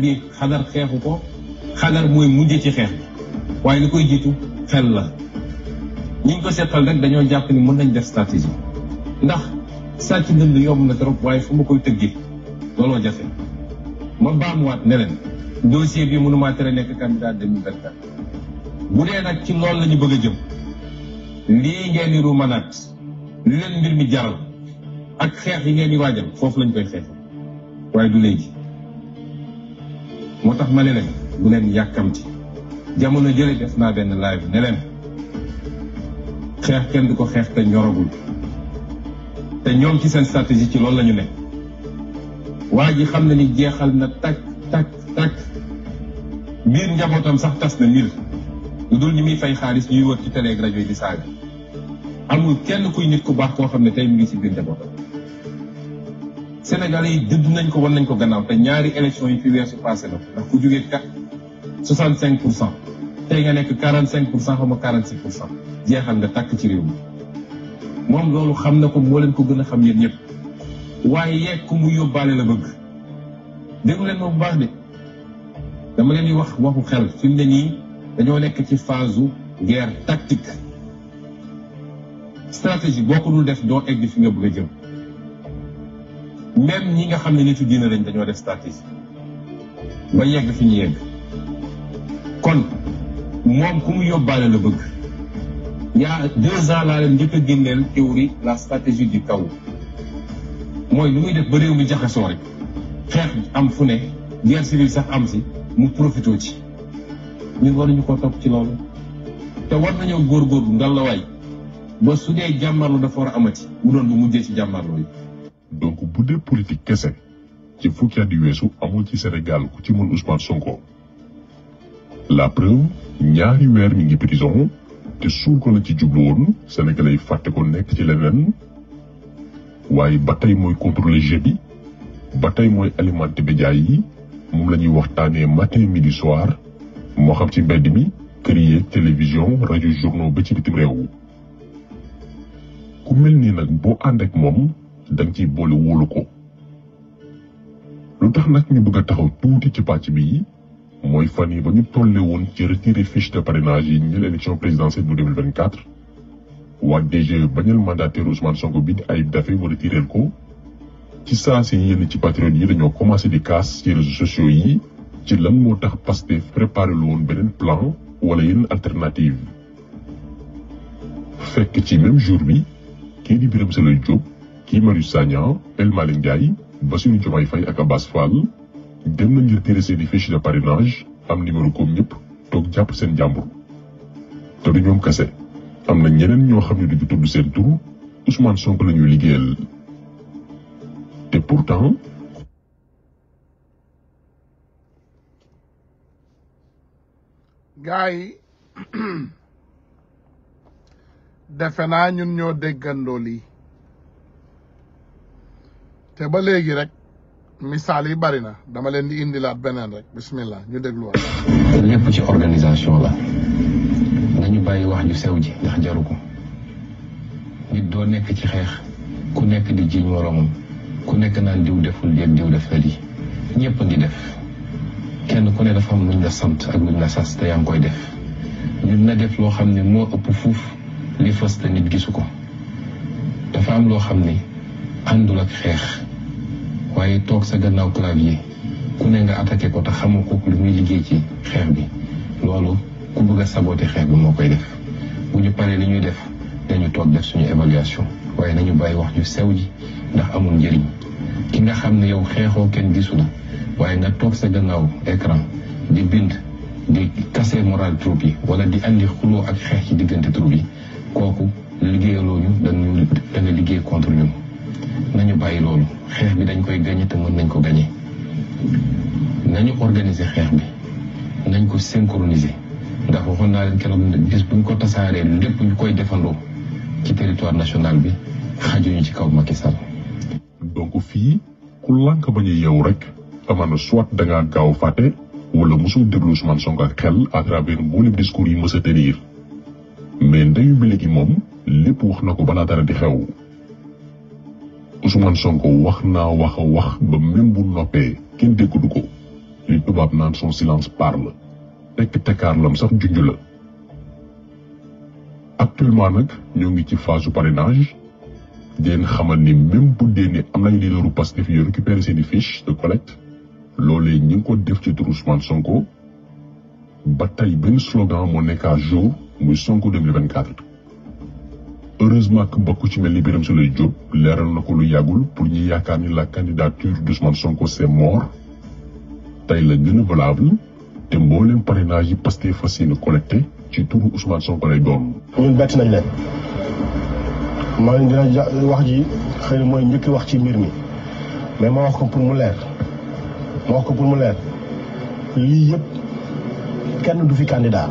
bi xadar xeexu ko xadar mooy mujje ci xeex bi waaye li koy jiitu xel la ñu ngi ko seetal rek dañoo jàpp ni mën nañ def stratégie ndax sàcc ndënd yomb na trop waaye fu ma koy tëggee looloo jafe ma baamuwaat ne leen dossier bi mënumaa tere nekk candidat 2024 bu dee nag ci loolu lañu bëgg a jëm lii ngeen di ruumanaat li leen mbir mi jaral ak xeex yi ngeen di waajal foofu lañ koy xeex waaye du léegi moo tax ma ne leen bu leen yàkkamti jamono jële des naa benn live ne leen xeex kenn du ko xeex te ñoragul te ñoom ci seen stratégie ci loolu lañu ne waa ji xam na ni jeexal na takk takk takk biir njabootam sax tas na nir lu dul ñi muy fay xaalis ñuy wër ci télé rajo yi di saaga amul kenn kuy nit ku baax koo xam ne tey mu ngi ci biir njabootam Sénégalais yi dëdd nañ ko wan nañ ko gannaaw te ñaari élection yi fi weesu passé la ndax ku jógee kat 65 tey nga nekk 45 pour cent xaw ma 46 pour cent jeexal nga tàkk ci réew mi moom loolu xam na ko moo leen ko gën a xam yéen ñëpp waaye yeeg ku mu yóbbaale la bëgg déglu leen ma bu baax de dama leen di wax waxu xel fi mu ne nii dañoo nekk ci phase guerre tactique stratégie boo ko dul def doo egg fi nga bëgg a jëm. même ñi nga xam ne nitu diine lañ dañoo def stratégie ba yegg fi ñu yegg kon moom ku mu yóbbaale la bëgg yaa deux ans laa leen njëkk a génneel théorie la stratégie di chaos mooy lu muy def ba réew mi jaxasoo rek xeex am fu ne guerre civile sax am si mu profité ci ñu waruñu ko topp ci loolu te war nañoo góorgóorlu ngalawaay ba su dee jàmmarlu dafa war a ci mu doon bu mujjee ci jàmmarloo yi donc bu dee kese ci fukki at weesu amul ci senegal ku ci mën Ousmane Sonko. la preuve ñaari weer mi ngi prison te suul ko la ci jublu woon sénégalais fàtte ko nekk ci leneen waaye ba tey mooy contrôler jeu bi ba tey mooy bi médias yi moom la ñuy waxtaanee matin di soir moo xam ci mbedd mi kër yi télévision journaux ba ci bitim réew ku mel ni nag boo ànd ak moom. da ci ciy boole wóolu ko lu tax nag ñu bëgg a taxaw tuuti ci pàcc bi mooy fan yi ba ñu tolle woon ci retiré fiche de parrainage yi ñu élection présidentielle bu 2024 waa DG bañal mandataire Ousmane Sonko bi di Ayib Daffé ba retiréel ko ci saa si yenn ci patriotes yi dañoo commencé di kaas ci réseaux sociaux yi ci lan moo tax Pastef préparé lu woon beneen plan wala yenn alternative fekk ci même jour bi kii di Birame Souleye Diop Guy Marius Sagna El Malick Ndiaye Bassirou Diomaye Faye ak Abass Fall dem na ngir tirer seen i fiche de am numéro comme ñëpp toog jàpp seen jàmbur. te du ñoom kese am na ñeneen ñoo xam ne duñu tudd seen tur Ousmane Sonko la ñuy liggéeyal te pourtant. gars yi defe naa ñun ñoo déggandoo lii te ba léegi rek misaal yi bari na dama leen di indilaat beneen rek bismillah ñu dégluwaat. lépp ci organisation la nañu bàyyi wax ñu sew ji ndax jaru ko nit doo nekk ci xeex ku nekk di jiñ moromam ku nekk naan diw deful déeg diw def na yi ñëpp ngi def kenn ku ne dafa am luñ la sant ak luñ la sas te yaa ngi koy def nit na def loo xam ne moo ëpp fuuf li fës te nit gisu ko dafa am loo xam ne àndul ak xeex. waaye toog sa gannaaw clavier ku ne nga attaqué ko te xamoo ko lu muy liggéey ci xeex bi loolu ku bëgg a saboté xeex bi moo koy def bu ñu paree li ñuy def dañu toog def suñu évaluation waaye nañu bàyyi wax ju sew ji ndax amul njëriñ ki nga xam ne yow xeexoo kenn gisu la waaye nga toog sa gannaaw écran di bind di casser moral troupe yi wala di indi xuloo ak xeex ci diggante troupe xeex bi dañ koy gañe te mën nañ koo gañe nañu organiser xeex bi nañ ko synchroniser ndax waxoon naa leen keroog bis buñ ko tasaaree lépp ñu koy defandoo ci territoire national bi xajuñu ci kaw Macky Sall donc fii ku lànk bañ a yeewu rek amaana soit da ngaa gaaw fàtte wala mosoo déglu Ousmane Sonko ak xel à travers mboolem discours yi mës a tenir mais ndeyu bi léegi moom lépp wax na ko balaa dara di xew. Ousmane Sonko wax naa wax a wax ba même bu noppee kenn déggudu ko li tubaab naan son silence parle tekk tekkaarlam sax junj la. actuellement nag ñoo ngi ci phase su parrainage di leen xamal ni même bu dee ni am nañu leaderu Pastef yu récupéré seen i fiche de collecte loolee ñi ngi ko def ci turu Ousmane Sonko ba tey benn slogan moo nekk jour muy Sonko heureusement que mbokk ci mel ni Birame Souleye Diop leeral na ko lu yàggul pour ñu yaakaar ni la candidature d'Ousmane Sonko c'est mort tey la gën a valable te mboolem parrainage yi Pastef fas yéene collecté ci turu Ousmane Sonko lay doon. ñun bett nañ leen ngi dina wax ji xëy na mooy njëkki wax ci mbir mi mais ma wax ko pour mu leer ma leer lii yëpp kenn du fi candidat.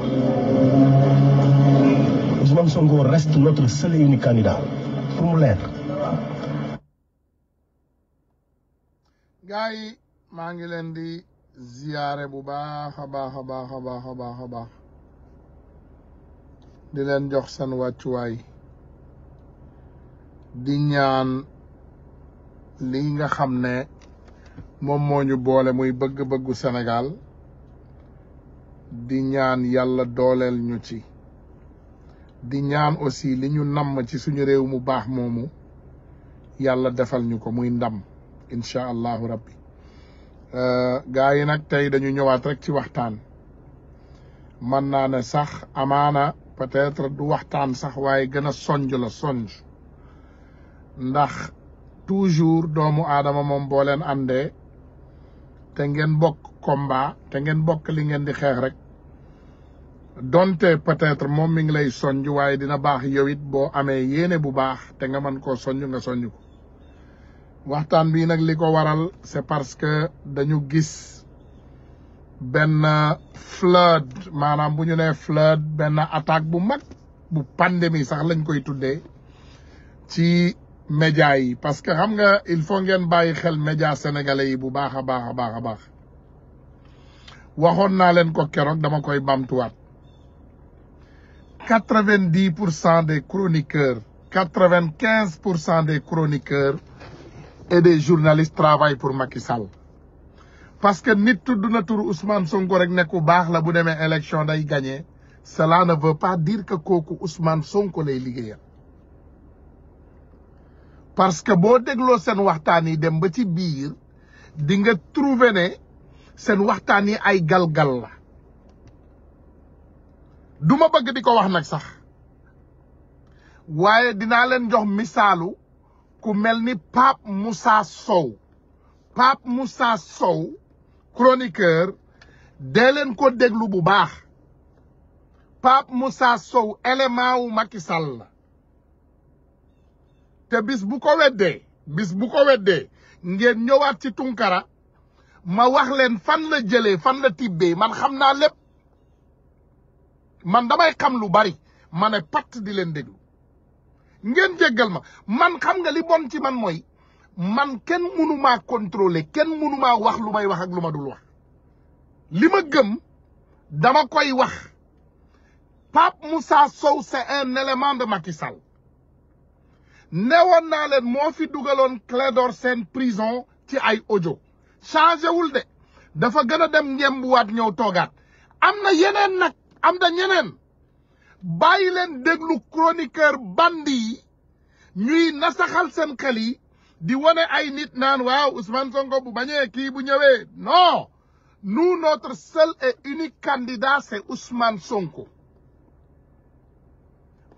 Ousmane Sonko reste notre yi maa ngi leen di ziyaare bu baax a baax a baax a baax a baax di leen jox seen wàccuwaay di ñaan li nga xam ne moom moo ñu boole muy bëgg-bëggu Sénégal di ñaan yàlla dooleel ñu ci di ñaan aussi li ñu namm ci suñu réew mu baax moomu yàlla defal ñu ko muy ndam incha allahu rabbi euh, gaa yi nag tey dañu ñëwaat rek ci waxtaan mën naa ne sax amaana peut-être du waxtaan sax waaye gën a sonj la sonj ndax toujours doomu aadama moom boo leen àndee te ngeen bokk komba te ngeen bokk li ngeen di xeex rek donte peut-être moom mi ngi lay soññ waaye dina baax yow it boo amee yéene bu baax te nga mën koo soññ nga soññ ko waxtaan bii nag li ko waral c'est parce que dañu gis benn flood maanaam bu ñu nee flood benn attaque bu mag bu pandémie sax lañ koy tuddee ci média yi parce que xam nga il faut ngeen bàyyi xel média sénégalais yi bu baax a baax a baax a baax waxoon naa leen ko keroog dama koy bamtuwaat quatre-vingt-dix pour cent des chroniqueurs quatre-vingt-quinze pour cent des chroniqueurs et des journalistes travaillent pour Macky Sall parce que nit tudd na tur Ousmane Sonko rek ne ku baax la bu demee élection day gagné cela ne veut pas dire que kooku Ousmane Sonko lay liggéeyal parce que boo dégloo seen waxtaan yi dem ba ci biir di nga trouver ne seen waxtaan yi ay galgal la duma bëgg di ko wax nag sax waaye dinaa leen jox misaalu ku mel ni Pape Moussa Sow Pape Moussa Sow chroniqueur dee leen ko déglu bu baax Pape Moussa Sow élément wu Macky Sall la te bis bu ko weddee bis bu ko weddee ngeen ñëwaat ci Tunkara ma wax leen fan la jëlee fan la tibbee man xam naa lépp man damay xam lu bari ma ne patt di leen déglu ngeen jéggal ma man xam nga li bon ci man mooy man kenn mënumaa contrôler kenn mënumaa wax lu may wax ak lu ma dul wax li ma gëm dama koy wax Pape Moussa Sow c'est un élément de Macky Sall newoon naa leen moo fi dugaloon Clédor seen prison ci ay audio changé wul de dafa gën a dem ñembuwaat ñëw toogaat am na yeneen nag am na ñeneen bàyyi leen déglu chroniqueur bandi yi ñuy nasaxal seen xel yi di wane ay nit naan waaw Ousmane Sonko bu bañee kii bu ñëwee non nous notre seul et unique candidat c'est Ousmane Sonko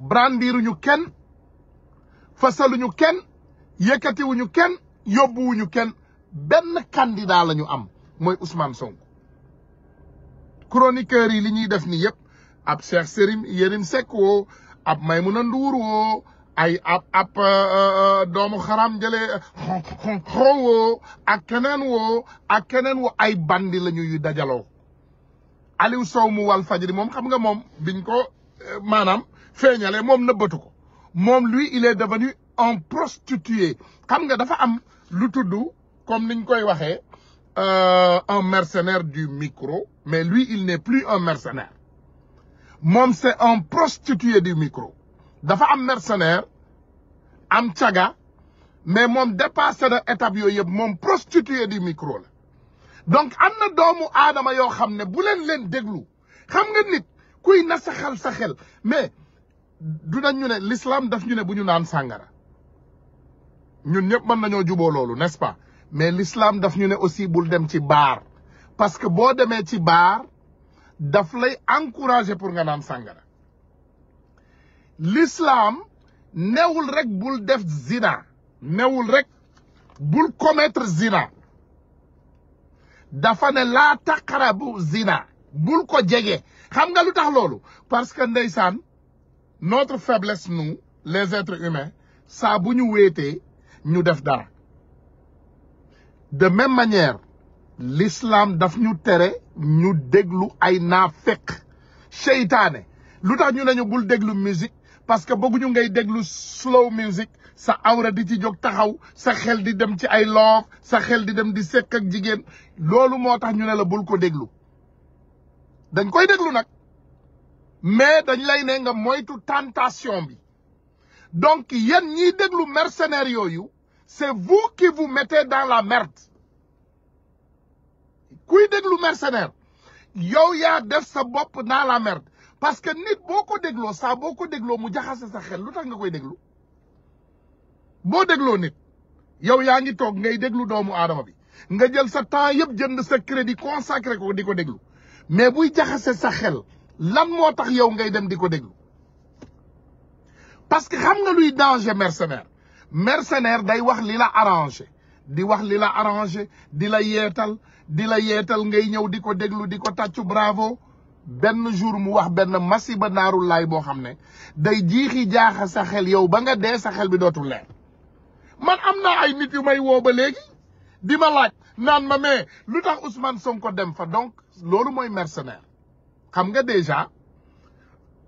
brandiruñu kenn fasaluñu kenn yëkkatiwuñu kenn yóbbuwuñu kenn benn candidat lañu am mooy Ousmane Sonko chroniqueurs yi li ñuy def ni yëpp ab Cheikh Sérim Yérim Seck woo ab Maymuna Nduur woo ay ab ab euh, euh, doomu xaram jële xon woo ak keneen woo ak ay bandi la ñuy dajaloo Aliou Sow mu wal fajri moom xam nga moom biñ ko euh, maanaam feeñalee moom nëbbatu ko moom lui il est devenu un prostitué xam nga dafa am lu tudd comme niñ koy waxee euh, un mercenaire du micro, mais lui, il n'est plus un mercenaire. moom c'est un prostitué du micro. dafa am mercenaire am caga mais moom dépassé na étape yooyu yëpp moom prostitué du micro la donc an na doomu aadama yoo xam ne bu leen leen déglu xam nga nit kuy nasaxal sa xel mais du nañ ñu ne l'islam daf ñu ne bu ñu naan sàngara ñun ñëpp mën nañoo juboo loolu n'est-ce pas mais l'islam daf ñu ne aussi bul dem ci baar parce que boo demee ci baar daf lay encourager pour nga naan sàngara l'islam newul rek bul def zina newul rek bul commettre zina dafa ne laa taqrabu zina bul ko jege xam nga lu tax loolu parce que ndeysaan notre faiblesse nous les êtres humains saa bu ñu wéetee ñu def dara de même manière lislaam daf ñu tere ñu déglu ay naafeq seytaane lu tax ñu nañu bul déglu musique parce que bëgguñu ngay déglu slow music sa awra di ci jóg taxaw sa xel di dem ci ay loof sa xel di dem di sekk ak jigéen loolu moo tax ñu ne la bul ko déglu dañ koy déglu nag mais dañ lay ne nga moytu tentation bi donc yéen ñiy déglu mercenaires yooyu c'est vous qui vous mettez dans la merde kuy déglu mercenaire yow yaa def sa bopp dans la merde parce que nit boo ko dégloo saa boo ko dégloo mu jaxase sa xel lu tax nga koy déglu boo dégloo nit yow yaa ngi toog ngay déglu doomu aadama bi nga jël sa temps yëpp jënd sa crédit consacré ko di ko déglu mais buy jaxase sa xel lan moo tax yow ngay dem di ko déglu parce que xam nga luy danger mercenaire mercenaire day wax li la arrangé di wax li la arrangé di la yeetal di la yeetal ngay ñëw di ko déglu di ko tàccu bravo benn jour mu wax benn ba naaru laay boo xam ne day jiixi jaaxa sa xel yow ba nga dee sa xel bi dootul leer man am naa ay nit yu may woo ba léegi di ma laaj naan ma mais lu tax Ousmane Sonko dem fa donc loolu mooy mercenaire xam nga déjà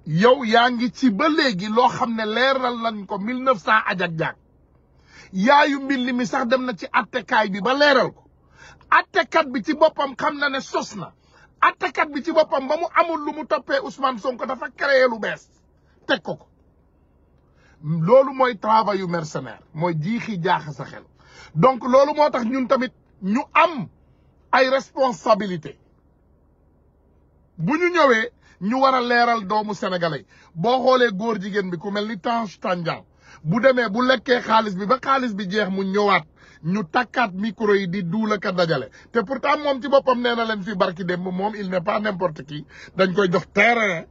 yow yaa ngi ci ba léegi loo xam ne leeral lañ ko mille neuf cent ajak-jak yaayu mbill mi sax dem na ci attekaay bi ba leeral ko attekat bi ci boppam xam na ne sos na attekat bi ci boppam ba mu amul lu mu toppee Ousmane Sonko dafa créé lu bees teg ko ko loolu mooy travail yu mercenaire mooy jiixi jaaxa sa xel donc loolu moo tax ñun tamit ñu am ay responsabilité bu ñu ñëwee ñu war a leeral doomu sénégalais boo xoolee góor jigéen bi ku mel ni Tange Tandian bu demee bu lekkee xaalis bi ba xaalis bi jeex mu ñëwaat ñu takkaat micro yi di duula ka dajale te pourtant moom ci boppam nee na leen fi barki dem moom il n'est pas n'importe qui dañ koy jox terrain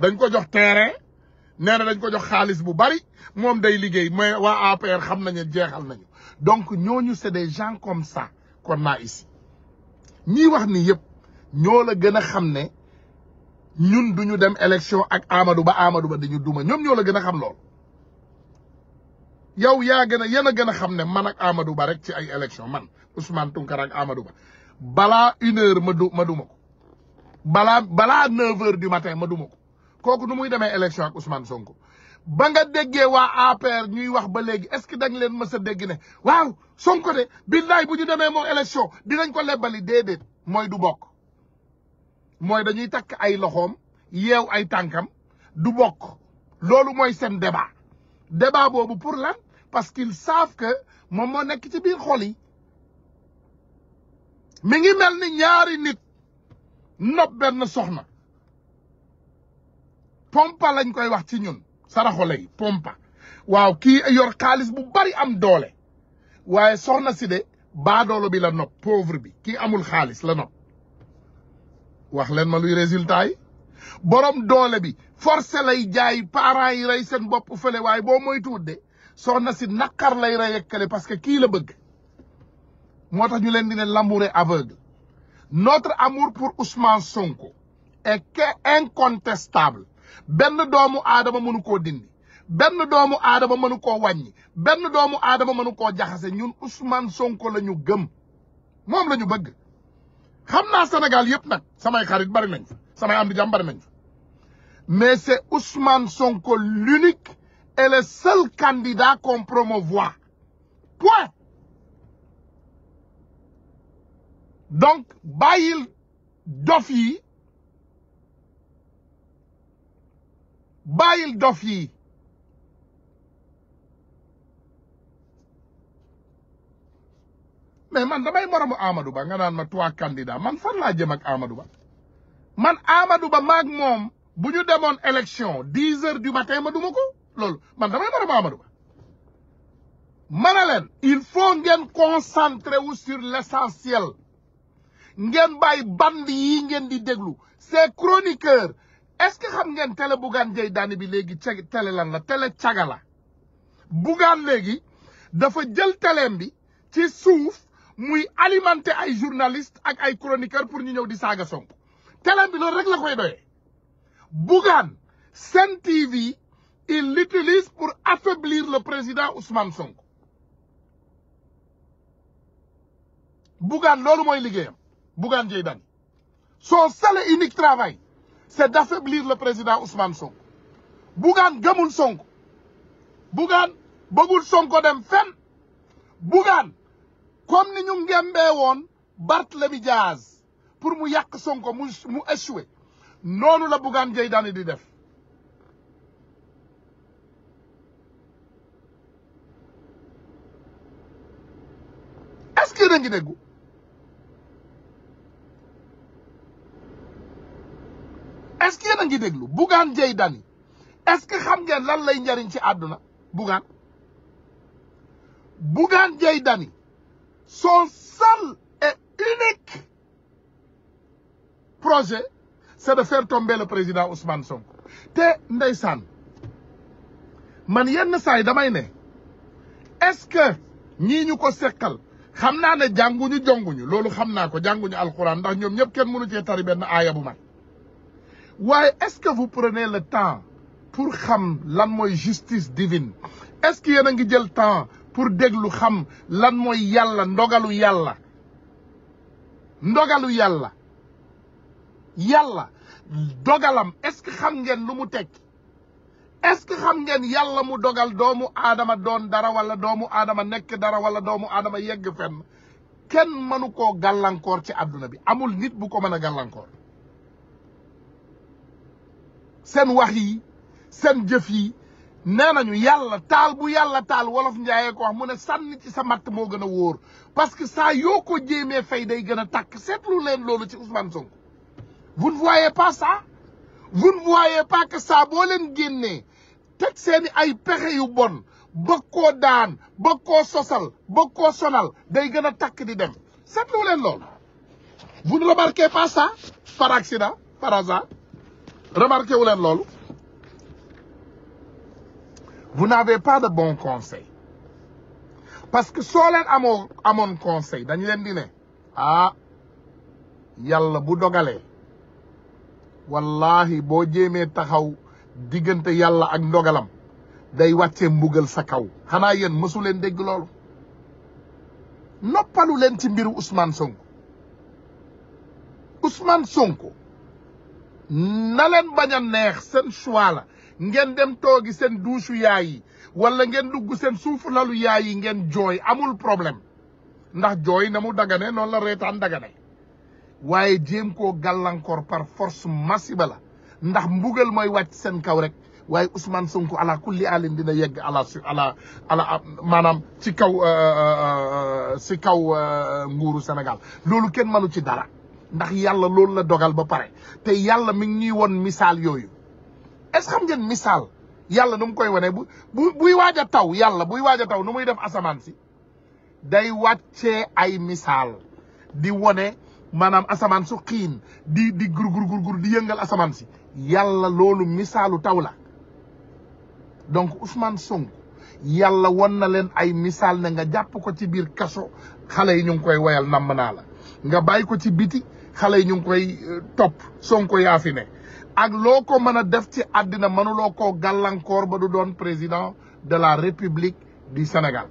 dañ ko jox terrain nee na dañ ko jox xaalis bu bari moom day liggéey mais waa APR xam nañu jeexal nañu donc ñooñu c'est des gens comme ça qu'on a ici ñii wax ni yëpp ñoo la gën a xam ne ñun duñu dem élection ak Amadou Ba Amadou Ba dañu duma ñoom ñoo la gën a xam lool yow yaa gën a yéen a gën a xam ne man ak amadu Ba rek ci ay élection man Ousmane Tounkara ak Amadou Ba balaa une heure ma du ma duma ko balaa balaa neuf heures du matin ma duma ko kooku nu muy demee élection ak Ousmane Sonko ba nga déggee waa APR ñuy wax ba léegi est-ce que dañ leen mës a dégg ne waaw Sonko de billaay bu ñu demee moom élection dinañ ko lebbali déedéet mooy du bokk mooy dañuy takk ay loxoom yeew ay tànkam du bokk loolu mooy seen débat débat boobu pour lan parce qu'ils savent que moom moo nekk ci biir xol yi mi ngi mel ni ñaari nit nopp benn soxna pompa lañ koy wax ci ñun saraxole yi pompa waaw kii yor xaalis bu bari am doole waaye soxna si de baadoolo bi la nopp pauvre bi kii amul xaalis la nopp wax leen ma luy résultat yi boroom doole bi forcé lay jaay parents yi rey seen bopp fële waaye boo moytuwut de soxna si naqar lay reyekkale parce que kii la bëgg moo tax ñu leen di ne l'amour est aveugle notre amour pour Ousmane Sonko est incontestable benn doomu aadama mënu koo dindi benn doomu aadama mënu koo benn doomu aadama mënu koo jaxase ñun Ousmane Sonko la ñu gëm moom la ñu bëgg xam naa Sénégal yëpp nag samay xarit bari nañ fa samay am di jàmm bari nañ mais c'est Ousmane Sonko l'unique est le seul candidat qu'on promouvoit. Point. Donc bàyyil dof yi bàyyil dof yi mais man damay moromu Amadou Ba nga naan ma trois candidats man fan laa jëm ak Amadou Ba man Amadou Ba maag moom bu ñu demoon élection dix heures du matin ma duma ko loolu man damay dara ba ma ne leen il faut ngeen concentrer wu sur l'essentiel ngeen bàyyi band yi ngeen di déglu ces chroniqueurs est-ce que xam ngeen télé Bougane Gueye Dany bi léegi ca télé lan la télé caga la léegi dafa jël téléem bi ci suuf muy alimenter ay journalistes ak ay chroniqueurs pour ñu ñëw di saaga Sonko téléem bi loolu rek la koy doyee Bougane Sen TV il l'utilise pour affaiblir le président Ousmane Sonko Bougane loolu mooy liggéeyam Bougane Gueye Dany son seul et unique travail c'est d'affaiblir le président Ousmane Sonko Bougane gëmul Sonko Bougane bëggul Sonko dem fenn Bougane comme ni ñu ngembee woon Barthélemy Diaz pour mu yàq Sonko mu mu échoué noonu la Bougane Gueye di def est que yéen ngi déggu est-ce que yéen ngi déglu Bougane Gueye Dany est-ce que xam ngeen lan lay njariñ ci àdduna Bougane Bougane Gueye Dany son seul et unique projet c'est de faire tomber le président Ousmane Sonko te ndeysaan man yenn saa yi damay ne est-ce que ñii ñu ko seqal xam naa ne ñu jongu ñu loolu xam naa ko jàngu ñu alxuraan ndax ñoom ñëpp kenn mënu cee tari benn aaya bu mat waaye est-ce que vous prenez le temps pour xam lan mooy justice divine est-ce que yéen ngi jël temps pour déglu xam lan mooy yàlla ndogalu yàlla ndogalu yàlla yàlla dogalam est-ce que xam ngeen lu mu tekk est-ce que xam ngeen yàlla mu dogal doomu aadama doon dara wala doomu aadama nekk dara wala doomu aadama yegg fenn kenn mënu koo gàllankoor ci àdduna bi amul nit bu ko mën a gàllankoor seen wax yi seen jëf yi nee nañu yàlla taal bu yàlla taal wolof njaayee ko wax mu ne sànni ci sa mat moo gën a wóor parce que saa yoo ko jéemee fay day gën a tàkk seetlu leen loolu ci Ousmane Sonko vous ne voyez pas ça vous ne voyez pas saa boo leen génnee teg seeni ay pexe yu bon bëgg koo daan bëgg koo sosal bëgg koo sonal day gën a takk di dem seetlu leen loolu vous ne remarquez pas ça par accident par hasard wu leen loolu vous n'avez pas de bon conseil parce que soo leen amoo amoon conseil dañu leen di ne ah yàlla bu dogalee wallahi boo jéemee taxaw diggante yàlla ak ndogalam day wàccee mbugal sa kaw xanaa yéen mësu leen dégg loolu noppalu leen ci mbiru Ousmane Sonko Ousmane Sonko na leen bañ a neex seen choix ngeen dem toogi seen duusu yaay yi wala ngeen dugg seen suufu lalu yaay yi ngeen jooy amul problème ndax jooy na mu dagane noonu la reetaan dagane waaye jéem koo gàllankoor par force masiba la ndax mbugal mooy wàcc seen kaw rek waaye Ousmane Sonko ala kulli alin dina yegg ala su ala ala maanaam ci kaw si euh, euh, kaw euh, nguuru Sénégal loolu kenn mënu ci dara ndax yàlla loolu la dogal ba pare te yàlla mi ngi ñuy won misaal yooyu est-ce que xam ngeen misaal yàlla nu mu koy wane bu bu buy waaj a taw yàlla buy waaj a taw nu muy def asamaan si day wàccee ay misaal di wone maanaam asamaan su xiin di di gur gur gur di yëngal asamaan si yàlla loolu misaalu taw la donc Ousmane Sonko yàlla won na leen ay misaal ne nga jàpp ko ci biir kaso xale yi ñu ngi koy woyal namm naa la nga bàyyi ko ci biti xale yi ñu ngi koy euh, topp Sonko yaa fi ne ak loo ko mën a def ci àddina mënuloo koo gàllankoor ba du doon président de la République du Sénégal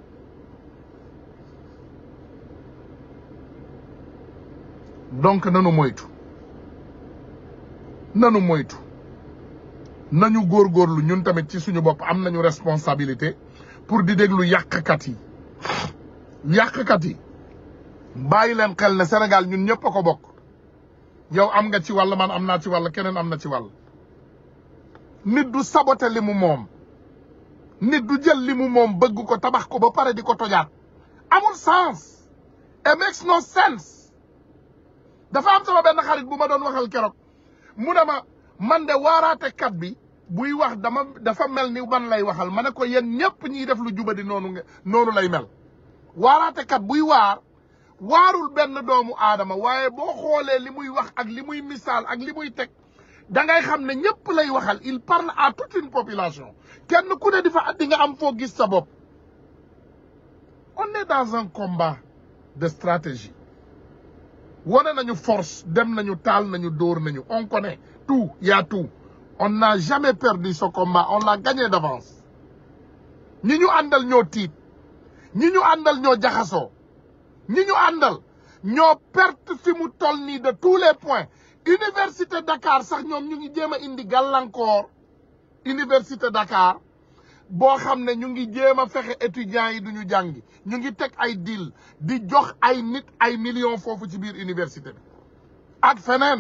donc nanu moytu nanu moytu nañu góor góorlu ñun tamit ci suñu bopp am nañu responsabilité pour di déglu yàqkat yi yàqkat yi bàyyi leen xel ne Sénégal ñun ñëpp a ko bokk yow am nga ci wàll man am naa ci wàll keneen am na ci wàll nit du sabote li mu moom nit du jël li mu moom bëgg ko tabax ko ba pare di ko tojaat amul sens it makes no sense dafa am sama benn xarit bu ma doon waxal keroog mu ne ma man de waaraatekat bi buy wax dama dafa mel ni man lay waxal ma ne ko yéen ñëpp ñiy def lu jubadi noonu noonu lay mel waaraatekat buy waar waarul benn doomu aadama waaye boo xoolee li muy wax ak li muy misaal ak li muy teg da ngay xam ne ñëpp lay waxal il parle à toute une population kenn ku ne di fa di nga am foo gis sa bopp on est dans un de stratégie wane nañu force dem nañu taal nañu dóor nañu on connaît tout y a on n'a jamais perdu ce combat on l'a gagné d'avance ñi ñu àndal ñoo tiit ñi ñu àndal ñoo jaxasoo ñi ñu àndal ñoo perte fi mu toll nii de tous les points université Dakar sax ñoom ñu ngi jéem a indi gàllankoor université dakaar boo xam ne ñu ngi jéem a fexe étudiants yi duñu jàngi ñu ngi teg ay dill di jox ay nit ay millions foofu ci biir université ak feneen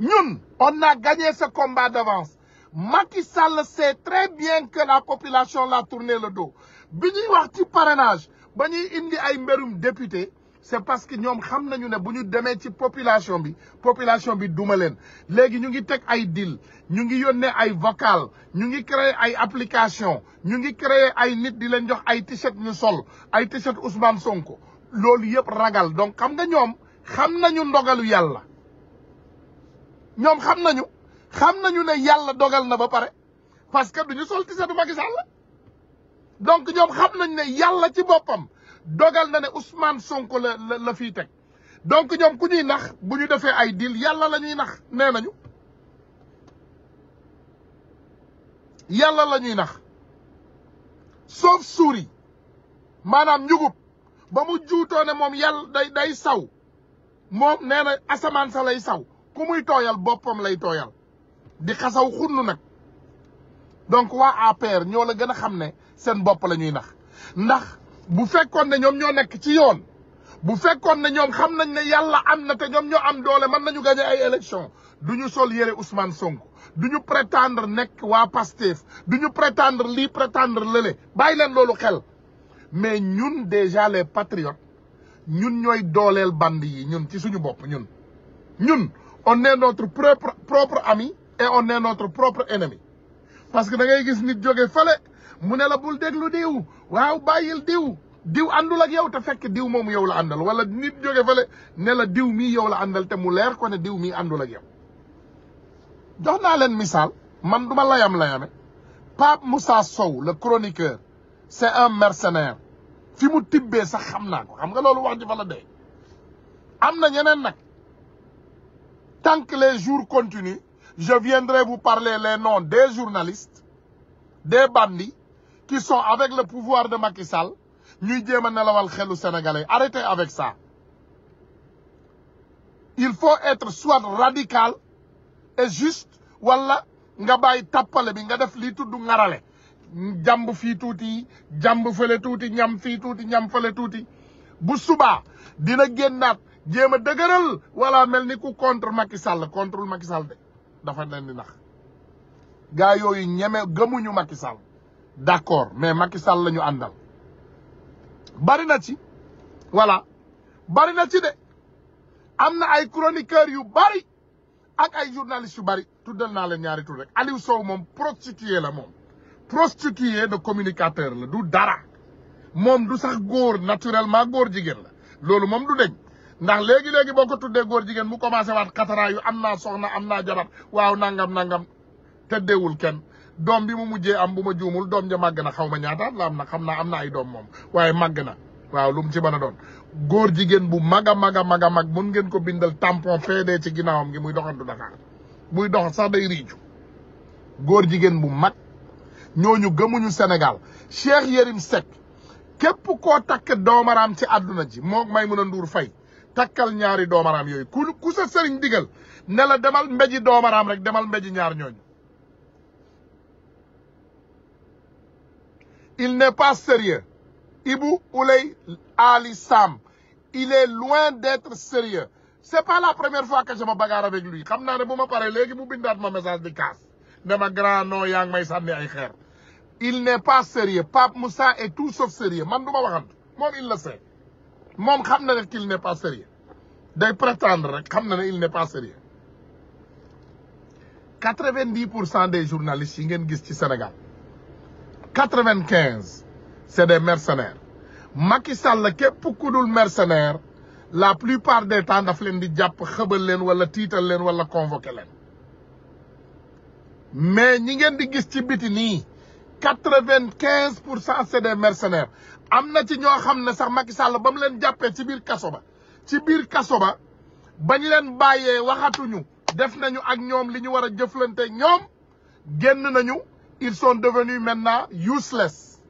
ñun on na gagné sa combat d'avance Macky Sall sait très bien que la population l'a tourné le dos bi ñuy wax ci parrainage ba ñuy indi ay mberum député c'est parce que ñoom xam nañu ne bu ñu demee ci population bi population bi duma leen léegi ñu ngi teg ay deal ñu ngi yónnee ay vocal ñu ngi créer ay application ñu ngi créer ay nit di leen jox ay t-shirt ñu sol ay t-shirt Ousmane Sonko loolu yëpp ragal donc xam nga ñoom xam nañu ndogalu yàlla ñoom xam nañu xam nañu ne yàlla dogal na ba pare parce que duñu sol t-shirt Macky Sall donc ñoom xam nañ ne yàlla ci boppam dogal na ne Ousmane Sonko la la la fiy teg donc ñoom ku ñuy nax bu ñu defee ay deal yàlla la ñuy nax nee nañu yàlla la ñuy nax sauf suuri maanaam njugub ba mu juutoo ne moom yàlla day day saw moom nee na asamaan sa lay saw ku muy tooyal boppam lay tooyal di xasaw xunn nag donc waa APR ñoo la gën a xam ne seen bopp la ñuy nax ndax bu fekkoon ne ñoom ñoo nekk ci yoon bu fekkoon ne ñoom xam nañ ne yàlla am na te ñoom ñoo am doole man nañu gagné ay élection du ñu sol yére Ousmane Sonko du ñu prétendre nekk waa Pastef du ñu prétendre lii prétendre lële bàyyi leen loolu xel mais ñun déjà les patriotes ñun ñooy dooleel band yi ñun ci suñu bopp ñun ñun on est notre propre propre ami et on est notre propre ennemi parce que da gis nit jóge fële mu ne la bul déglu diw waaw bàyyil diw diw àndul ak yow te fekk diw moom yow la àndal wala nit joge fële ne la diw mii yow la àndal te mu leer ko ne diw mii àndul ak yow jox naa leen misaal man du ma layam layame mu Moussa Sow la chroniqueur c'est un mercenaire fi mu tibbee sax xam naa ko xam nga loolu wax ji fa la dee am na ñeneen nag tant que les jours continuent je viendrai vous parler les noms des journalistes des bandits qui son avec le pouvoir de Macky Sall ñuy jéem a nelawal xelu sénégalais arrêtez avec sa il faut être soit radical et juste wala nga bàyyi tappale bi nga def lii tudd ngarale jàmb fii tuuti jàmb fële tuuti ñam fii tuuti ñam fële tuuti bu subaa dina génnaat jéem a dëgëral wala mel ni ku contre Macky Sall contre Macky Sall de dafa leen di nax gaa yooyu ñeme gëmuñu Macky d'accord mais Macky Sall la àndal bari na ci voilà bari na ci de am na ay chroniqueurs yu bari ak ay journalistes yu bari tuddal naa leen ñaari tur rek Aliou Sow moom prostitué la moom prostitué de communicateur la du dara moom du sax góor naturellement góor jigéen la loolu moom du deñ ndax léegi-léegi boo tuddee góor jigéen mu commencé waat xataraa yu am naa soxna am naa jabar waaw nangam nangam teddeewul kenn doom bi mu mujjee am bu ma juumul doom ja màgg na xaw ma ñaataat la am na naa am na ay doom moom waaye màgg na waaw lu mu ci mën a doon góor jigéen bu mag a mag a mag a mag mun ngeen ko bindal tampon feedee ci ginnaawam ngi muy doxantu Dakar buy dox sax day riiju góor jigéen bu mag ñooñu gëmuñu Sénégal Cheikh Yérim Seck képp koo takk doomaraam ci àdduna ji moo may mën a nduur fay takkal ñaari doomaraam yooyu ku ku sa sëriñ digal ne la demal mbeji doomaraam rek demal mbeji ñaar ñooñu Il n'est pas sérieux. Ibou Ouley Ali Sam, il est loin d'être sérieux. C'est pas la première fois que je me bagarre avec lui. Xam naa ne bu ma paree léegi mu bindaat ma message di kaas ne ma grand non yaa ngi may sànni ay xeer. Il n'est pas sérieux. Pape Moussa est tout sauf sérieux. Man du ma waxantu moom il le sait. moom xam na ne qu'il n'est pas sérieux. day prétendre rek xam na ne il n'est pas sérieux. quatre vingt pour cent des journalistes yi ngeen gis ci Sénégal quatre-vingt-quinze c'est des mercenaires Macky Sall képp ku dul mercenaire la plupart des temps daf leen di jàpp xëbal leen wala tiital leen wala convoqué leen mais ñi ngeen di gis ci biti nii quatre-vingt-quinze pour cent c'est des mercenaires am na ci ñoo xam ne sax Macky Sall ba mu leen jàppee ci biir kaso ba ci biir kaso ba bañ leen bàyyee waxatuñu def nañu ak ñoom li ñu war a jëflante ñoom génn nañu ils sont devenus maintenant useless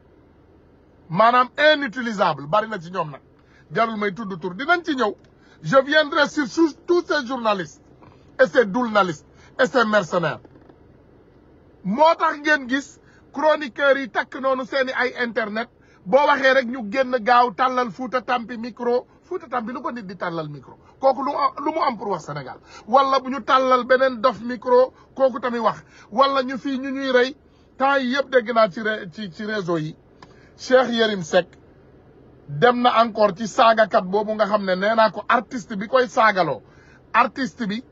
maanaam inutilisable bari na ci ñoom nag jarul may tudd tur dinañ ci ñëw je viendrai sur tous ces journalistes et ces journalistes et ces moo tax ngeen gis chroniqueurs yi takk noonu seeni ay internet boo waxee rek ñu génn gaaw tàllal Fouta Tampi micro Fouta Tampi lu ko nit di tàllal micro kooku lu lu mu am pour wax Sénégal wala bu ñu tàllal beneen dof micro kooku tamit wax wala ñu fii ñu ñuy rey temps yi yëpp dégg naa ci ci ci réseau yi Cheikh Yérim Seck dem na encore ci saagakat boobu nga xam ne nee naa ko artiste bi koy saagaloo artiste bi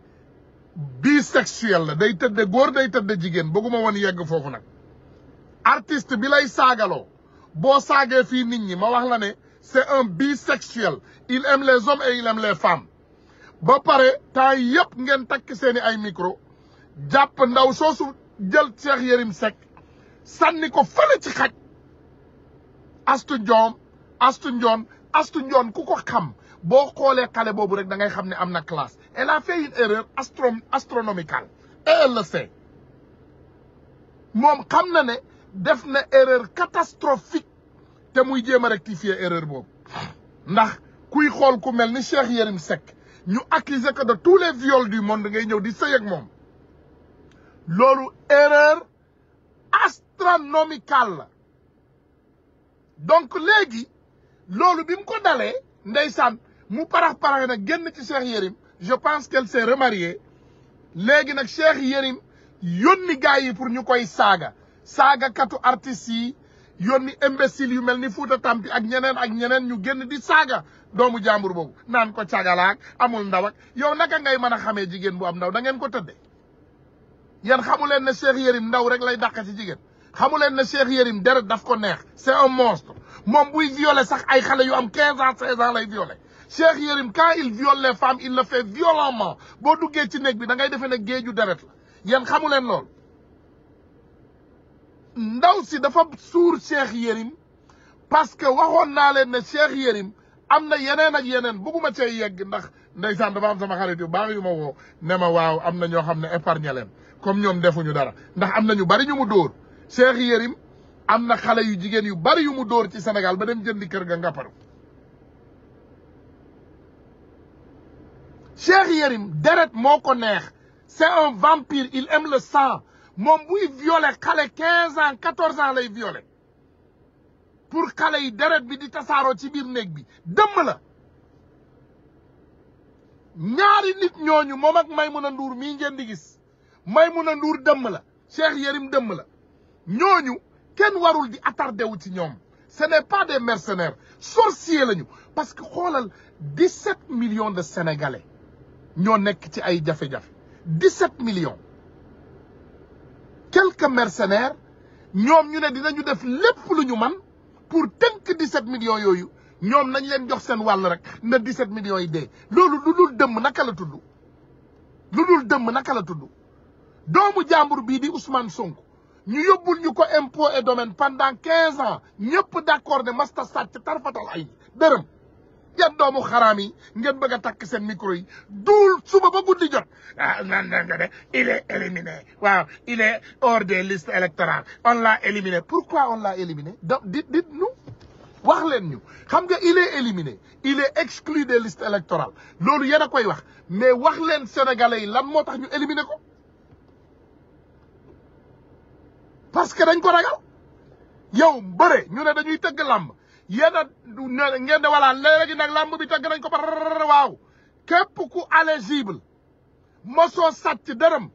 bisexuel la day tëdd góor day tëdd jigéen bëgguma won yegg foofu nag artiste bi lay saagaloo boo saagee fii nit ñi ma wax la ne c'est un bisexuel il aime les hommes et il aime les femmes ba pare temps yëpp ngeen takk seeni ay micro jàpp ndaw soosu jël Cheikh Yérim Seck sànni ko fële ci xaj astu njoom astu njoon astu njoon ku ko xam boo xoolee xale boobu rek da ngay xam ne am na classe elle a fait astronomical erreur astro moom xam na ne def na erreur catastrophique te muy jéem a rectifier erreur boobu ndax kuy xool ku mel ni Cheikh Yérim Seck ñu accuser que de tous les viols du monde ngay ñëw di sëy ak moom loolu erreur astronomical la donc léegi loolu bi mu ko dalee ndeysaan mu parax parax nag génn ci Cheikh Yérim je pense qu'elle s'est remariée léegi nag Cheikh Yérim yónni gars yi pour ñu koy saaga saaga katu artistes yi yónni imbécile yu mel ni Fouta Tampi ak ñeneen ak ñeneen ñu génn di saaga doomu jàmbur boobu naan ko cagalaak amul ndaw yow naka ngay mën a xamee jigéen bu am ndaw da ngeen ko tëddee yéen xamu leen ne Cheikh Yérim ndaw rek lay dàq ci jigéen xamu leen ne Cheikh Yérim deret daf ko neex c'est un monstre moom buy violer sax ay xale yu am 15 ans 16 ans lay violer Cheikh Yérim quand il viole les femmes il le fait violemment boo duggee ci néeg bi dangay ngay defee ne géeju deret la yéen xamu leen lool. ndaw si dafa suur Cheikh Yérim parce que waxoon naa leen ne Cheikh Yérim am na yeneen ak yeneen bëgguma cee yegg ndax ndeysaan dafa am sama xarit yu baax yu ma woo ne ma waaw am na ñoo xam ne épargne leen comme ñoom defuñu dara ndax am na ñu bari ñu mu dóor. Cheikh Yérim am na xale yu jigéen yu bari yu mu dóor ci Sénégal ba dem jëndi kër ga ngapparu Cheikh Yérim deret moo ko neex c'est un vampire il aime le sang moom buy violer xale quinze ans quatorze ans lay violer pour xale yi deret bi di tasaaroo ci biir néeg bi dëmm la ñaari nit ñooñu moom ak Maimouna Ndour mii ngeen di gis Maimouna nduur dëmm la Cheikh Yérim dëmm la ñoo ñu kenn warul di attardé wu ci ñoom ce n'est pas des mercenaires sorciers lañu parce que xoolal 17 millions de sénégalais ñoo nekk ci ay jafe-jafe 17 millions quelques mercenaires ñoom ñu ne dinañu def lépp lu ñu man pour tënk sept millions yooyu ñoom nañ leen jox seen wàll rek na 17 millions yi dee loolu lu dul dëmm naka la tuddu lu dul dëmm naka la tuddu doomu jàmbur bii di Ousmane Sonko ñu yóbbul ñu ko impôt et domaine pendant quinze ans ñëpp d'accord ne masta sàcc tarfatal ay dërëm yan doomu xaram yi ngeen bëgg a takk seen micro yi duul suba ba guddi jot ah nan nan nga de il est waaw il hors des listes électorales on l'a éliminé pourquoi on l'a éliminé donc dit dit nous wax leen ñu xam nga il est éliminé il est exclu des loolu yéen a koy wax mais wax leen sénégalais yi lan moo tax ñu éliminé ko parce que dañ ko ragal yow mbëre ñu ne dañuy tëgg làmb yéen a ngeen de voilà léegi nag làmb bi tëgg nañ ko par waaw képp ku éligible mosoo sàcc dërëm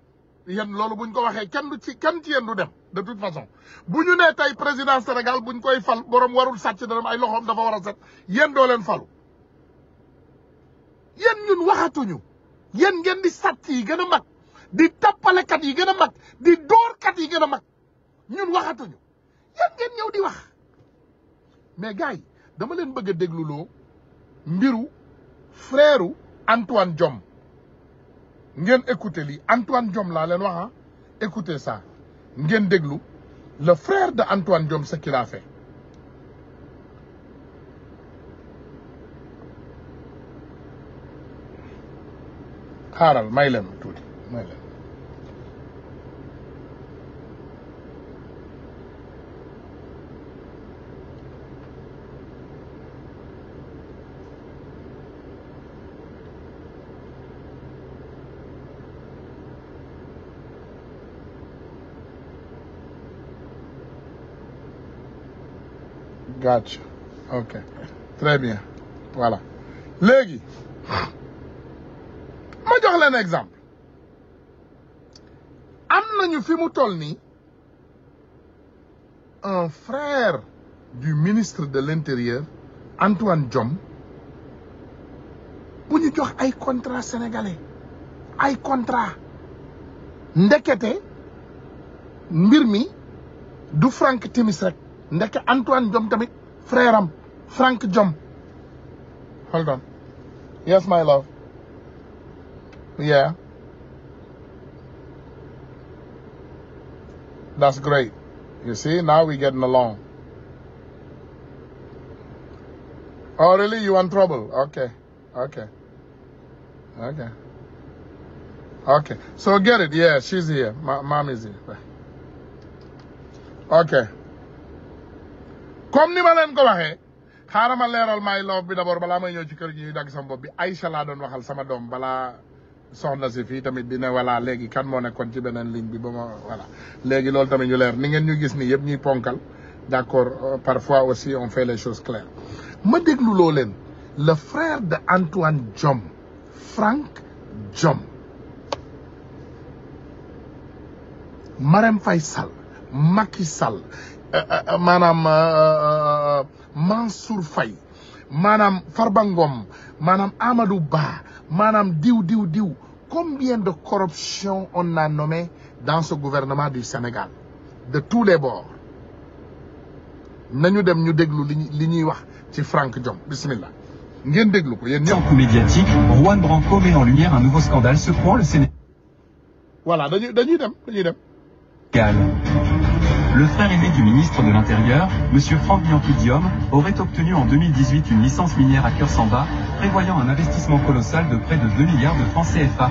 yéen loolu buñ ko waxee kenn ci kenn ci yéen du dem de toute façon bu ñu nee tey président Sénégal buñ koy fal borom warul sàcc dërëm ay loxoom dafa war a set yéen doo leen falu yéen ñun waxatuñu yéen ngeen di sàcc yi gën a mag di tappalekat yi gën a mag di doorkat yi gën a mag ñun waxatuñu yan ngeen ñëw di wax mais gars dama leen bëgg a dégluloo mbiru frère Antoine Diome ngeen écouter lii Antoine Diome laa leen wax ah. écoutez ça ngeen déglu le frère de Antoine Diome ce qu'il a may leen tuuti gotcha ok voilà léegi ma jox leen exemple am nañu fi mu toll nii un frère du ministre de l'intérieur Antoine Diome bu ñu jox ay contrat sénégalais ay contrat ndekete mbir mi du Franck Timis ndeke Antoine Diome tamit frère am Frank Diome yes my love yeah that's great you see now we getting along oh really you want trouble okay okay okay so get it yeah she's here my here okay comme ni ma leen ko waxee xaaral ma leeral maay loof bi d'abord balaa may ñëw ci kër gi ñuy dagg sama bopp bi Aïcha laa doon waxal sama doom balaa soxna si fii tamit dina voilà léegi kan moo nekkoon ci beneen ligne bi ba ma voilà léegi loolu tamit ñu leer ni ngeen ñu gis ni yëpp ñuy ponkal d'accord euh, parfois aussi on fait les choses claires ma déglu loo leen le frère de Antoine Diome Franck Diome Marème Faye Sall Macky Sall Eh, eh, maanaam eh, Mansour Faye maanaam Farba Ngom maanaam Amadou Ba maanaam diw diw diw combien de corruption on a nommé dans ce gouvernement du Sénégal de tous les bords nañu dem ñu déglu li ñuy wax ci Franck Diome bismillah ngeen déglu ko yéen ñëpp médiatique Juan Branco met en lumière un nouveau scandale secouant le Sénégal voilà dañuy dañuy dem dañuy dem Le frère aîné du ministre de l'Intérieur, M. Franck Bianchidium, aurait obtenu en une licence minière à cœur sans bas, prévoyant un investissement colossal de près de 2 milliards de francs CFA.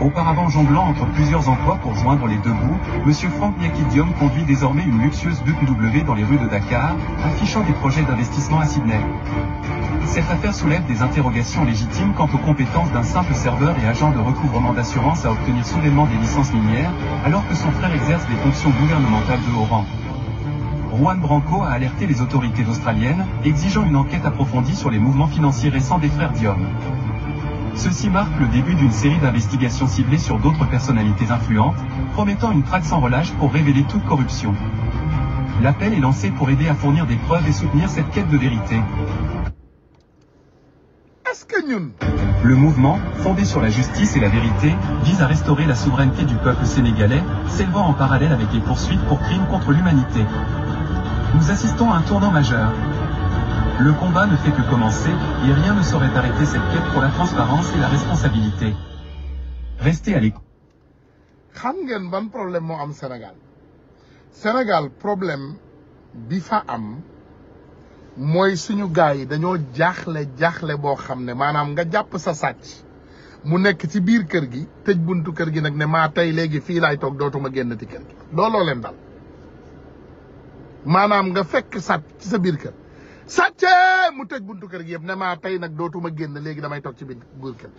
Auparavant jonglant entre plusieurs emplois pour joindre les deux bouts, M. Franck Bianchidium conduit désormais une luxueuse BMW dans les rues de Dakar, affichant des projets d'investissement à Sydney. cette affaire soulève des interrogations légitimes quant aux compétences d'un simple serveur et agent de recouvrement d'assurance à obtenir soudainement des licences minières, alors que son frère exerce des fonctions gouvernementales de haut Juan Branco a alerté les autorités australiennes, exigeant une enquête approfondie sur les mouvements financiers récents des frères Diom. Ceci marque le début d'une série d'investigations ciblées sur Est-ce que ñun. Le mouvement, fondé sur la justice et la vérité, vise à restaurer la souveraineté du peuple sénégalais, s'élevant en parallèle avec les poursuites pour crimes contre l'humanité. Nous assistons à un tournant majeur. Le combat ne fait que commencer, et rien ne saurait arrêter cette quête pour la transparence et la responsabilité. Restez à l'écoute. xam ban problème moo am Sénégal Sénégal problème mooy suñu gars yi dañoo jaaxle jaaxle boo xam ne maanaam nga jàpp sa sàcc mu nekk ci biir kër gi tëj buntu kër gi nag ne maa tey léegi fii laay toog dootuma génn ci kër gi looloo leen dal maanaam nga fekk sàcc sa biir kër sàccee mu tëj buntu kër yëpp ne maa tey nag dootuma génn léegi damay toog ci biir biir kër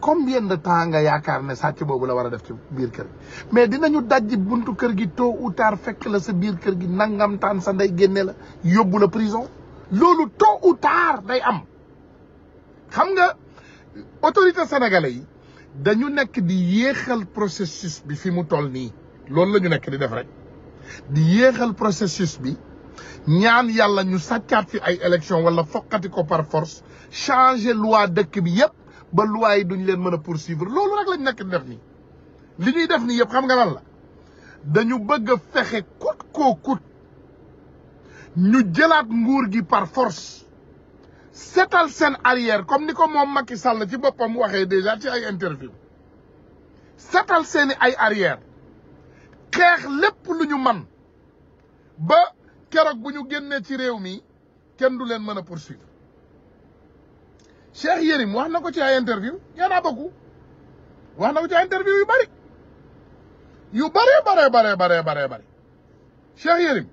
combien de temps nga yaakaar ne sàcc boobu la war a def ci biir kër gi mais dinañu dajji buntu kër gi tôt ou fekk la sa biir kër gi nangamtaan sa ndey génne la yóbbu la prison loolu tôt ou tard day am xam nga autorité sénégalais yi dañu nekk di yéexal processus bi fi mu toll nii loolu lañu nekk di def rek di yéexal processus bi ñaan yàlla ñu sàccaat fi ay élection wala foqati ko par force changer loi dëkk bi yépp ba loi yi duñ leen mën a poursuivre loolu rek lañu nekk di def nii li ñuy def nii yépp xam nga lan la dañu bëgg a fexe coûte que coûte ñu jëlaat nguur gi par force seetal seen arrière comme ni ko moom Macky Sall ci boppam waxee déjà ci ay interview seetal seeni ay arrière xeex lépp lu ñu man ba keroog bu ñu génnee ci réew mi kenn du leen mën a poursuivre Cheikh Yérim wax na ko ci ay interview yéen bokku wax na ko ci ay interview yu bari yu bëree baree baree baree baree bëri Yérim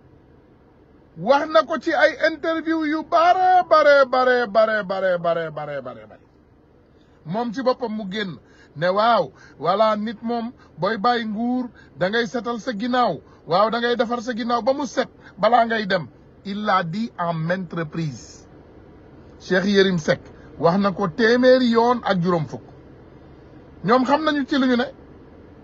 wax na ko ci ay interview yu bare bare bare bare bare bare bare bare bare moom ci boppam mu génn ne waaw wala nit moom booy bàyyi nguur da ngay setal sa ginnaaw waaw da ngay defar sa ginnaaw ba mu set balaa ngay dem il l'a di en maintes reprises Cheikh Yérim Seck wax na ko téeméeri yoon ak juróom fukk ñoom xam nañu ci lu ñu ne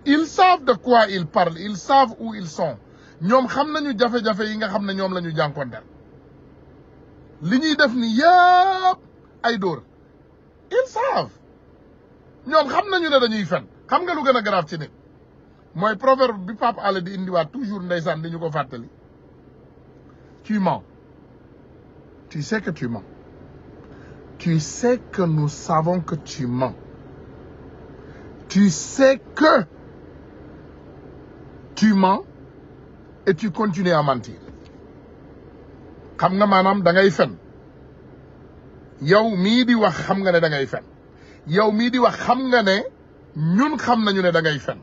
ils savent de quoi ils parlent ils savent où ils sont ñoom xam nañu jafe-jafe yi nga xam ne ñoom la ñu jànkonteel li ñuy def ni yëpp ay dóor ils savent ñoom xam nañu ne dañuy fen xam nga lu gën a ci nit mooy proverbe bi Pape Alé di indiwaat toujours ndeysaan di ñu ko fàttali tu mens tu sais que tu mens tu sais que nous savons que tu mens tu que tu et tu continues à xam nga maanaam da ngay fen yow mii di wax xam nga ne da ngay fen yow mii di wax xam nga ne ñun xam nañu ne da ngay fen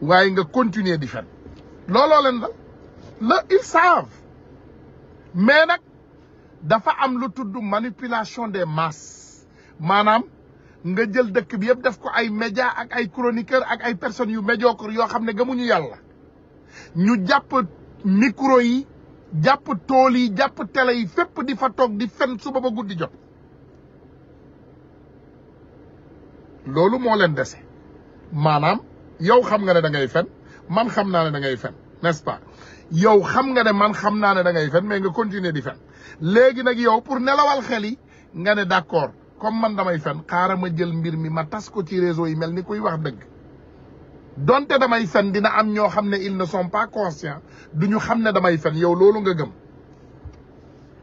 waaye nga continuer di fen looloo leen la la ils savent mais nag dafa am lu tudd manipulation des masses maanaam nga jël dëkk bi yëpp def ko ay média ak ay chroniqueur ak ay personnes yu médiocre yoo xam ne gëmuñu yàlla ñu jàpp micro yi jàpp tool yi jàpp tele yi fépp di fa toog di fen suba ba guddi jot loolu moo leen dese maanaam yow xam nga ne dangay fen man xam naa ne da ngay fen n'est-ce yow xam nga ne man xam naa ne da ngay fen mais nga continuer di fen léegi nag yow pour nelawal xel yi nga ne d'accord comme man damay fen xaaral ma jël mbir mi ma tas ko ci réseau yi mel ni kuy wax dëgg donte damay fen dina am ñoo xam ne ils ne sont pas conscients du ñu xam ne damay fen yow loolu nga gëm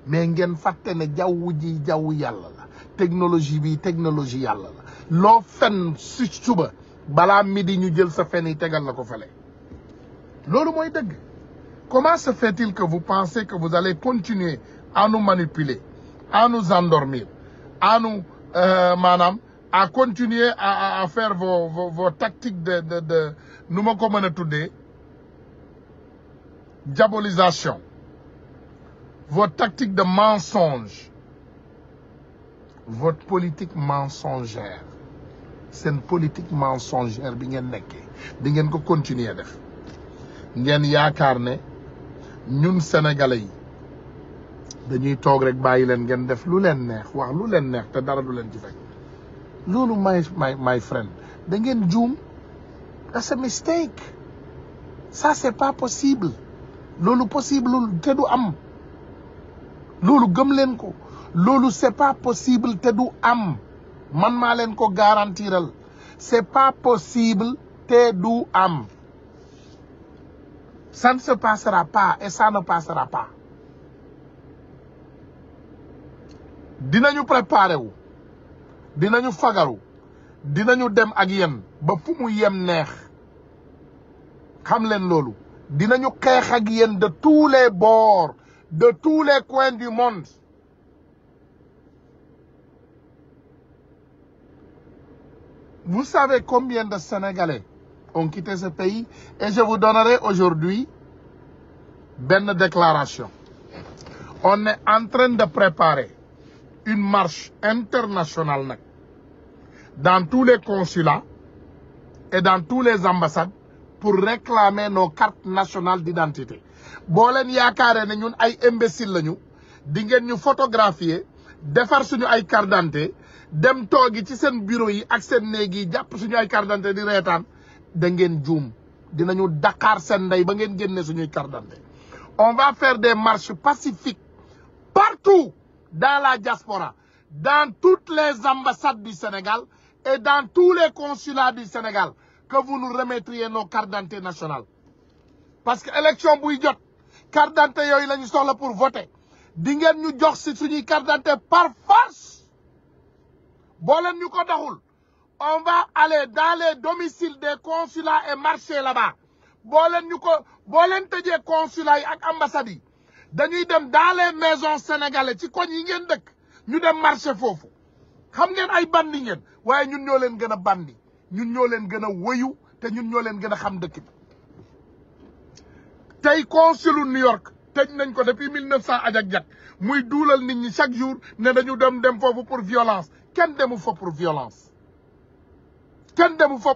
mais ngeen fàtte ne jaww ji jaww yàlla la technologie bi technologie yàlla la loo fen si suba balaa mi di ñu jël sa fen yi tegal la ko fele loolu mooy dëgg comment sa fait-il que vous pensez que vous allez continuer à nous manipuler à nous endormir à nous euh, maanaam à continuer à, à, à faire vos, vos, vos, tactiques de, de, de nous diabolisation, vos tactiques de mensonge, votre politique mensongère. C'est une politique mensongère bi ngeen nekkee di ngeen ko continuer def ngeen yaakaar ne ñun sénégalais yi dañuy toog rek bàyyi leen ngeen def lu leen neex wax lu leen neex te dara du leen ci loolu my my my friend da ngeen juum that's a mistake ça c'est pas possible loolu possible te du am loolu gëm leen ko loolu c'est pas possible te du am man maa leen ko garantiral c'est pas possible te du am ça ne se passera pas et ça ne passera pas dinañu préparer wu dinañu fagaru dinañu dem ak yen ba fu mu yem neex xam leen loolu dinañu xeex ak yéen de tous les bords de tous les coins du monde vous savez combien de Sénégalais ont quitté ce pays et je vous donnerai aujourd'hui benn déclaration on est en de préparer une marche internationale nag dans tous les consulats et dans tous les ambassades pour réclamer nos cartes nationale d'identité boo leen yaakaaree ne ñun ay imbécile lañu di ngeen ñu photographier defar suñu ay carte d'identité dem toogi ci seen bureau yi ak seen néegi jàpp suñu ay carte di reetaan da ngeen juum dinañu Dakar seen ndey ba ngeen génne suñuy carte on va faire des marches pacifiques partout dans la diaspora dans toutes les ambassades du Sénégal et dans tous les consulats du Sénégal que vous nous remettriez nos cartes d'identité parce que élection buy jot carte d'identité yooyu la ñu soxla pour voter di ngeen ñu jox si suñuy carte d'identité par force boo leen ñu ko doxul on va aller dans les domiciles des consulats et marcher là-bas boo leen ñu ko boo leen tëjee consulats yi ak ambassades dañuy dem daalee les maisons sénégalais ci koñ yi ngeen dëkk ñu dem marché foofu xam ngeen ay bandi ngeen waaye ñun ñoo leen gën a bandi ñun ñoo leen gën a wëyu te ñun ñoo leen gën a xam dëkk tey consul New York tëj nañ ko depuis mille neuf cent ajak jak muy duulal nit ñi chaque jour ne dañu dem dem foofu pour violence kenn demu fa pour violence kenn demu fa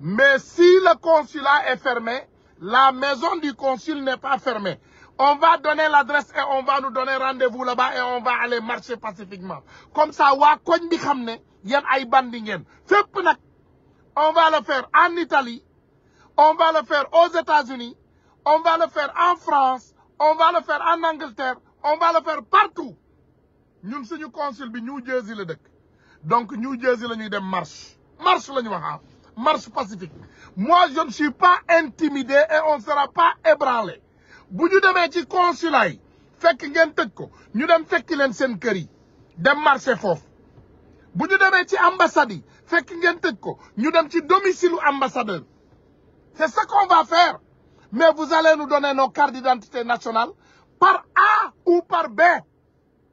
mais si le consulat est fermé la maison du consul n'est pas fermée On va donner l'adresse et on va nous donner rendez-vous là-bas et on va aller marcher pacifiquement. Comme ça, waa koñ bi xam ne yéen ay bandi ngeen fépp nag on va le faire en Italie, on va le faire aux États-Unis, on va le faire en France, on va le faire en Angleterre, on va le faire partout. ñun suñu consul bi New Jersey la dëkk donc New Jersey la ñuy dem marche marche la ñu ah. marche pacifique moi je ne suis pas intimidé et on ne sera pas ébranlé bu ñu demee ci consulat yi fekk ngeen tëj ko ñu dem fekki leen seen kër yi dem marché foofu bu ñu demee ci ambassade yi fekk ngeen tëj ko ñu dem ci domicile u ambassadeur c'est ça qu'on va faire mais vous allez nous donner nos cartes d'identité nationale par A ou par B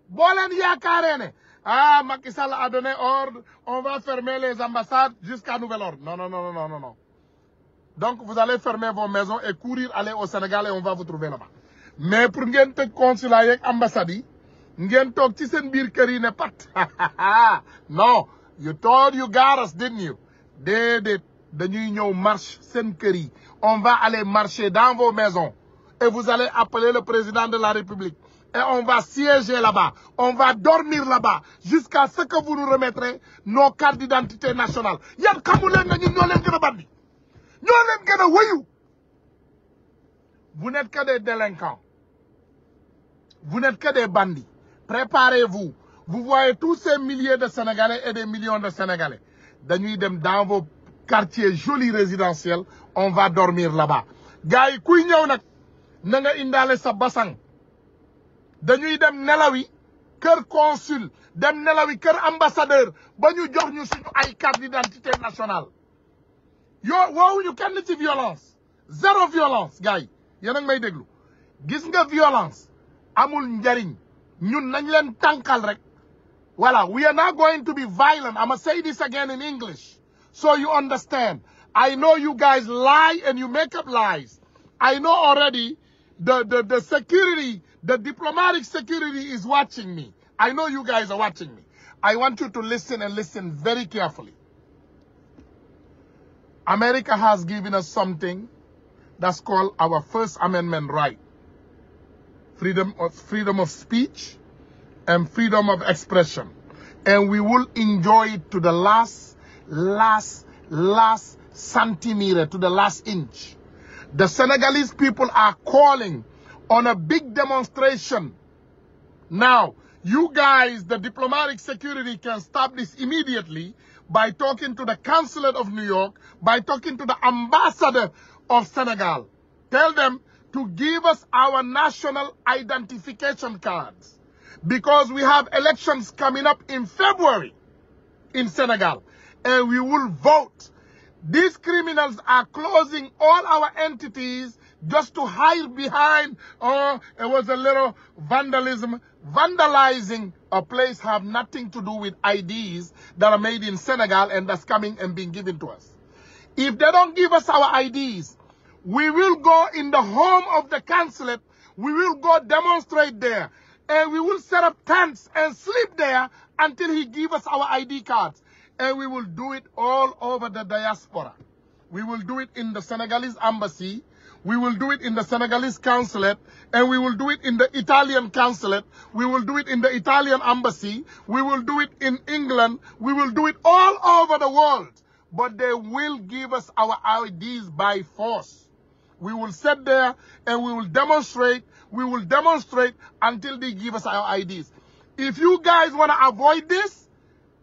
boo leen yaakaaree ne ah Macky Sall a donné ordre on va fermer les ambassades jusqu'à nouvel ordre non non non non donc vous allez fermer vos maisons et courir aller au Sénégal et on va vous trouver là-bas mais pour ngeen tëj consulat yeeg ambassade yi ngeen toog ci seen biir kër yi ne pat non you told you got us didn't you déedéet dañuy ñëw marche seen kër yi on va aller marcher dans vos maisons et vous allez appeler le président de la République et on va siéger là-bas on va dormir là-bas jusqu'à ce que vous nous remettrez nos cartes d'identité nationales yan xamu leen na ñun ñoo ñoo leen gën a wëyu vous n'êtes que des délinquants vous n'êtes que des bandits préparez-vous vous voyez tous ces milliers de Sénégalais et des millions de Sénégalais dañuy dem dans vos quartiers jolis on va dormir là-bas gars yi kuy ñëw nag na nga indaale sa basang dañuy dem nelawi kër consul dem nelawi kër ambassadeur ba ñu jox ñu suñu ay carte d'identité nationale yoo woowuñu kenn ci violence zéro violence gars yi yéen a may déglu gis nga violence amul njariñ ñun nañ leen tànkal rek voilà we are not going to be violent I'm gonna say this again in English so you understand I know you guys lie and you make up lies I know already the the the security the diplomatic security is watching me I know you guys are watching me I want you to listen and listen very carefully America has given us something that's called our First Amendment right. Freedom of, speech and freedom of expression. And we will enjoy it to the last, last, last centimeter, to the last inch. The Senegalese people are calling on a big demonstration. Now, you guys, the diplomatic security can stop immediately by talking to the consulate of New York, by talking to the ambassador of Senegal. Tell them to give us our national identification cards because we have elections coming up in February in Senegal and we will vote. These criminals are closing all our entities just to hide behind, oh, it was a little vandalism. Vandalizing a place have nothing to do with IDs that are made in Senegal and that's coming and being given to us. If they don't give us our IDs, we will go in the home of the consulate. We will go demonstrate there. And we will set up tents and sleep there until he gives us our ID cards. And we will do it all over the diaspora. We will do it in the Senegalese embassy. We will do it in the Senegalese consulate and we will do it in the Italian consulate. We will do it in the Italian embassy. We will do it in England. We will do it all over the world. But they will give us our IDs by force. We will sit there and we will demonstrate. We will demonstrate until they give us our IDs. If you guys want avoid this,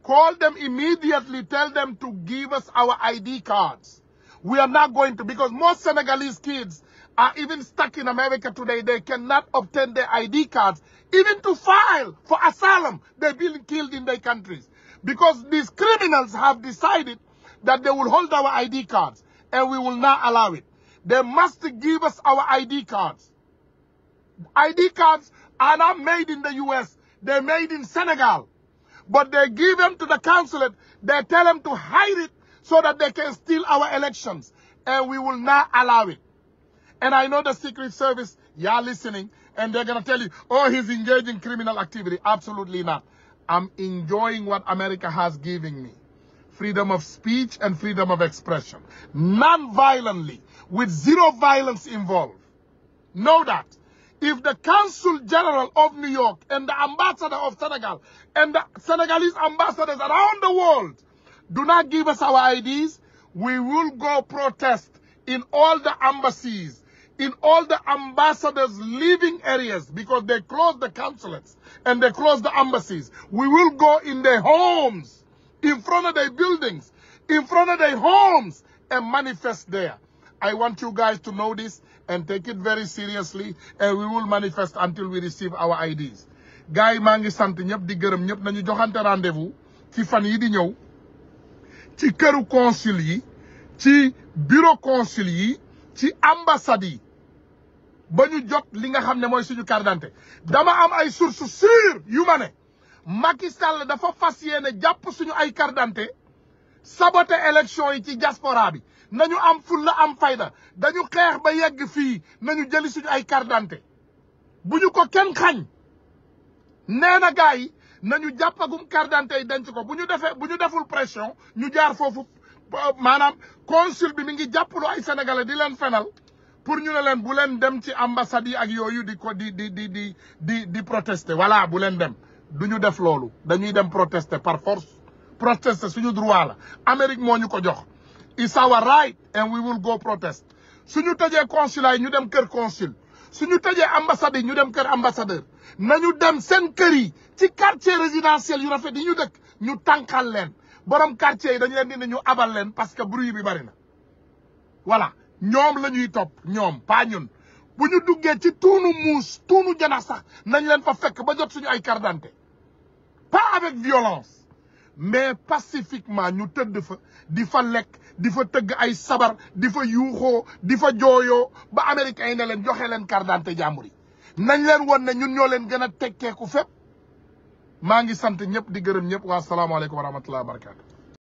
call them immediately. Tell them to give us our ID cards. We are not going to, because most Senegalese kids are even stuck in America today. They cannot obtain their ID cards, even to file for asylum. They've been killed in their countries. Because these criminals have decided that they will hold our ID cards, and we will not allow it. They must give us our ID cards. ID cards are not made in the U.S. They're made in Senegal. But they give them to the consulate. They tell them to hide it so that they can steal our elections. And we will not allow it. And I know the Secret Service, you're listening, and they're going to tell you, oh, he's engaged criminal activity. Absolutely not. I'm enjoying what America has given me. Freedom of speech and freedom of expression. Non-violently, with zero violence involved. Know that. If the Consul General of New York and the Ambassador of Senegal and the Senegalese ambassadors around the world do not give us our IDs, we will go protest in all the embassies, in all the ambassadors' living areas because they closed the consulates and they closed the embassies. We will go in their homes, in front of their in front of homes and manifest there. I want you guys to know this and take it very seriously and we will manifest until we receive our IDs. gars yi maa ngi sant ñëpp di gërëm ñëpp nañu joxante rendez-vous ci fan yi di ñëw. ci këru consul yi ci bureau consul yi ci ambassade yi ba ñu jot li nga xam ne mooy suñu carte dama am ay sources sûres yu ma ne Macky Sall dafa fas yéene jàpp suñu ay carte d'identité saboté yi ci diaspora bi nañu am fulla am fayda dañu xeex ba yegg fii nañu jëli suñu ay carte bu ñu ko kenn xañ nee na yi nañu jàppagum carte d'identité yi denc ko bu ñu defee bu ñu deful pression ñu jaar foofu maanaam consul bi mu ngi jàppalu ay sénégalais di leen fenal pour ñu ne leen bu leen dem ci ambassade yi ak yooyu di ko di di di di di di protester voilà bu leen dem du ñu def loolu dañuy dem protester par force protester suñu droit la Amérique moo ñu ko jox it's our right and we will go protest suñu tëjee consulat yi ñu dem kër consul suñu tëjee ambassade yi ñu dem kër ambassadeur nañu dem seen kër yi ci quartier résidentiel yu rafet yi ñu dëkk ñu tànqal leen borom quartier yi dañ leen di ñu abal leen parce que bruit bi bari na voilà ñoom la ñuy topp ñoom pas ñun bu ñu duggee ci tuunu muus tuunu janax sax nañ leen fa fekk ba jot suñu ay carte d'identité pas avec violence mais pacifiquement ñu tëdd fa di fa lekk di fa tëgg ay sabar di fa yuuxoo di fa jooyoo ba américains yi ne leen joxe leen carte d'identité jàmbur yi nañ leen won ne ñun ñoo leen gën a tekkeeku fépp maa ngi sant ñëpp di gërëm ñëpp waa salaamaaleykum wa rahmatullahi wa barakatu